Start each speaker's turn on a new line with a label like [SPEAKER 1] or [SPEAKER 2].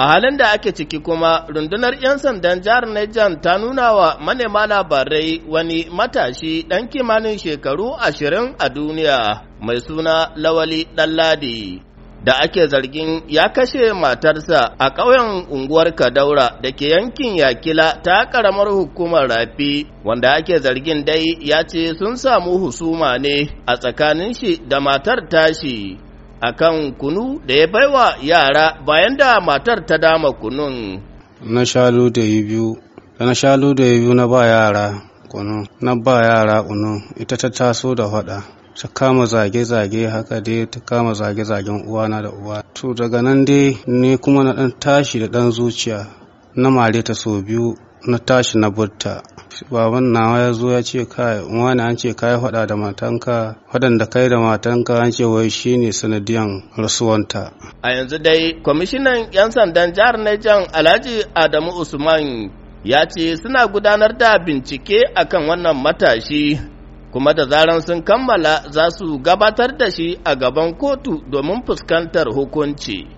[SPEAKER 1] A halin da ake ciki kuma rundunar 'yan sandan jihar Niger ta nuna wa manema labarai wani matashi ɗan kimanin shekaru ashirin a duniya mai suna Lawali Ɗanladi. Da ake zargin ya kashe matarsa a ƙauyen unguwar Kadaura da ke yankin Yakila ta ƙaramar hukumar Rafi, wanda ake zargin dai ya ce sun samu husuma ne a tsakanin shi da matar tashi. akan kunu da ya baiwa yara bayan da matar ta dama kunun.
[SPEAKER 2] Na shalu da yi biyu, na shalu da yi biyu na ba yara kunu, na ba yara kunu, ita ta taso da hada. ta kama zage-zage haka dai ta kama zage-zagen uwana da uwa to daga nan dai ne kuma na ɗan tashi da ɗan zuciya na mare ta sau biyu na tashi na burta baban nawa ya zo ya ce kai wani an ce kai faɗa da matanka da kai da matanka an ce wai shine sanadiyan rasuwanta
[SPEAKER 1] a yanzu dai kwamishinan yan sandan jihar Niger Alhaji Adamu Usman ya ce suna gudanar da bincike akan wannan matashi kuma da zaran sun kammala za su gabatar da shi a gaban kotu domin fuskantar hukunci